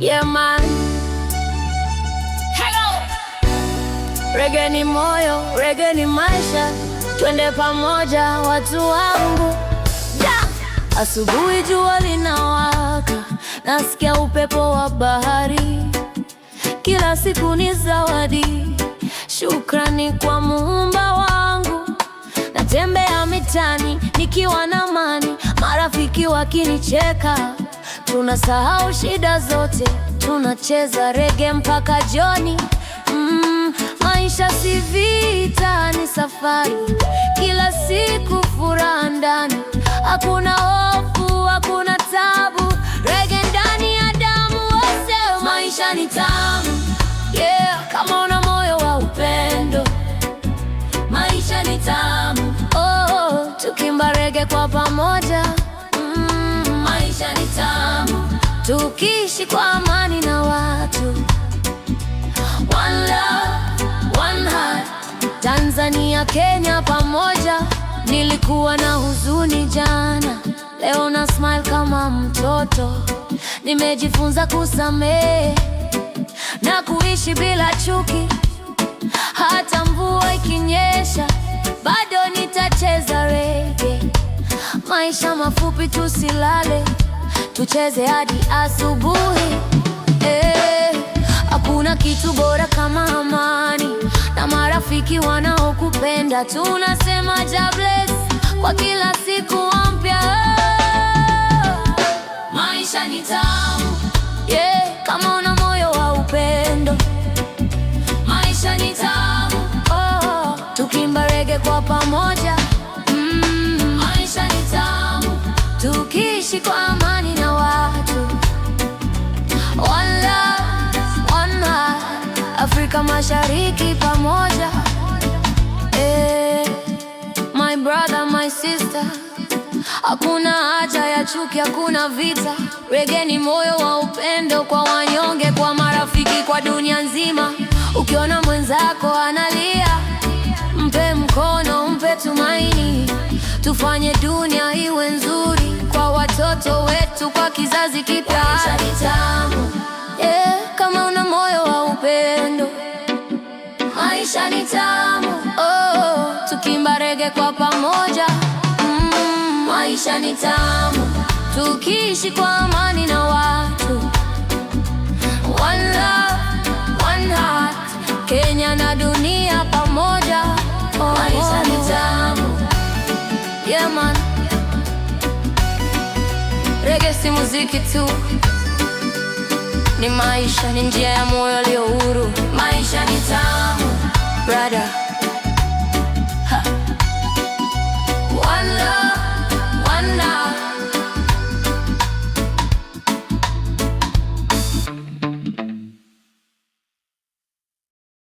Yeah man. Hello. Reggae ni moyo, reggae ni maisha, twende pamoja watu wangu yeah. Asubuhi jua linawaka, nasikia upepo wa bahari, kila siku ni zawadi, shukrani kwa muumba wangu. Natembea mitani nikiwa na amani, marafiki wakinicheka tunasahau shida zote, tunacheza rege mpaka jioni. Mm, maisha si vita, ni safari, kila siku furaha ndani, hakuna hofu, hakuna tabu, rege ndani ya damu, wose maisha ni tamu, yeah, kama una moyo wa upendo, maisha ni tamu, oh, oh, oh tukimba rege kwa pamoja mm maisha ni tamu tukiishi kwa amani na watu. One love, one heart. Tanzania, Kenya pamoja. Nilikuwa na huzuni jana, leo na smile kama mtoto. Nimejifunza kusamehe na kuishi bila chuki hata mafupi, tusilale, tucheze hadi asubuhi. Eh, hakuna eh, kitu bora kama amani na marafiki wanaokupenda. Tunasema ja bless kwa kila siku mpya. maisha ni tamu yeah, kama una moyo wa upendo. Maisha ni tamu oh, tukimba rege kwa pamoja kuishi kwa amani na watu. One love, one heart, Afrika Mashariki pamoja. Eh, my brother, my sister, hakuna haja ya chuki, hakuna vita. Reggae ni moyo wa upendo kwa wanyonge, kwa marafiki, kwa dunia nzima. Ukiona mwenzako analia, mpe mkono, mpe tumaini, tufanye dunia watoto wetu kwa kizazi kipya. Yeah, kama una moyo wa upendo, maisha ni tamu. Oh, tukimba rege kwa pamoja mm. Maisha ni tamu tukiishi kwa amani na watu one love, one heart. Kenya na dunia pamoja, pamoja. Maisha ni tamu yeah, man si muziki tu, ni maisha, ni njia ya moyo aliyo huru. Maisha ni tamu brada